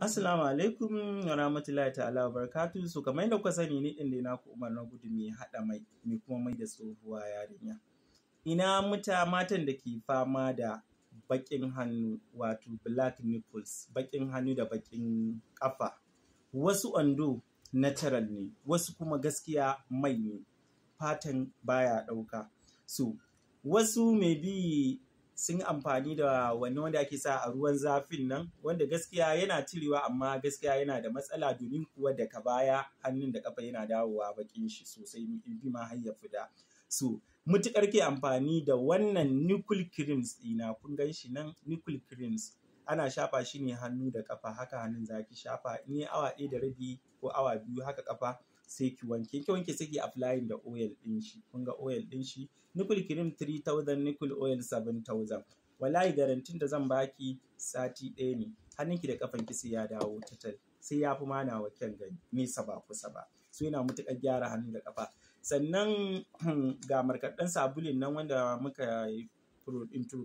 Assalamu alaikum wa rahmatullahi ta'ala wa barakatu. So kamar yadda kuka sani ni din na ku Umar na gudu mai hada mai mai kuma mai da tsohuwa yarinya. Ina muta matan da ke fama da bakin hannu wato black nipples, bakin hannu da bakin kafa. Wasu ondo natural ne, wasu kuma gaskiya mai ne. Fatan baya dauka. So wasu maybe sun amfani da wani wanda ake sa a ruwan zafin nan wanda gaskiya yana cirewa amma gaskiya yana da matsala domin kuwa daga baya hannun da kafa yana dawowa bakin shi sosai in bi ma har ya so mutukar ke amfani da wannan nickel creams ina kun gan shi nan nickel creams ana shafa shi ne hannu da kafa haka hannun zaki shafa in yi awa ɗaya da rabi ko awa biyu haka kafa sai ki wanke ki wanke sai ki apply da oil din shi kun ga oil din shi nickel cream 3000 nickel oil 7000 wallahi garantin da zan baki sati ɗaya ne Hannun ki da kafan ki sai ya dawo tatal sai ya fi mana wa kyan gani nesa ba kusa ba su yana matuƙar gyara hannu da kafa sannan ga markaɗen sabulin nan wanda muka yi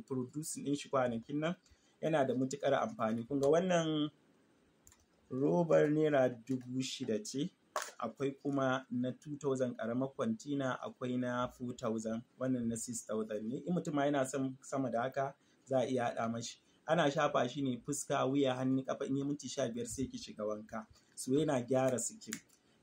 producing ɗin shi kwanakin nan yana da matuƙar amfani kun ga wannan robar naira dubu shida ce akwai kuma na 2000 karamar kwantina akwai na 4000 wannan na 6000 ne in mutum ma yana son sama da haka za a iya haɗa mashi ana shafa shi ne fuska wuya hannu kafa in yi minti 15 sai ki shiga wanka so yana gyara skin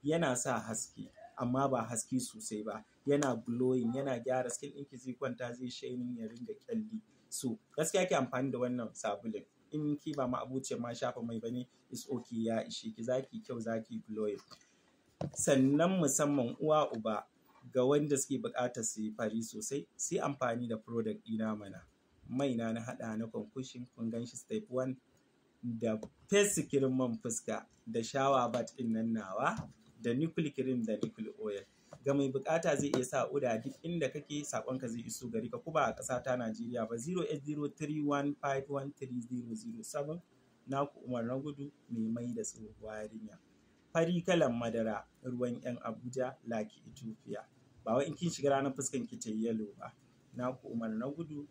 yana sa haske amma ba haske sosai ba yana glowing yana gyara skin ɗinki zai kwanta zai shining ya ringa kyalli so gaskiya ki amfani da wannan sabulun? in ki ba ma abuce ma shafa mai bane is okay ya ishe ki zaki kyau zaki glowing sannan musamman uwa uba ga wanda suke buƙatar su yi fari sosai sai amfani da product ɗina mana mai na na haɗa na concussion kun gan shi step 1 da face cream man fuska da shower bat ɗin nan nawa da nipple cream da nipple oil ga mai bukata zai iya sa uda duk inda kake sakonka zai iso gari ka kuma a ƙasa ta Najeriya ba 0803151307 naku ku na gudu mai mai da tsohuwa yarinya fari kalan madara ruwan 'yan abuja laki ethiopia ba wai in kin shiga ranar fuskan ki ta yi yalo ba na ku na gudu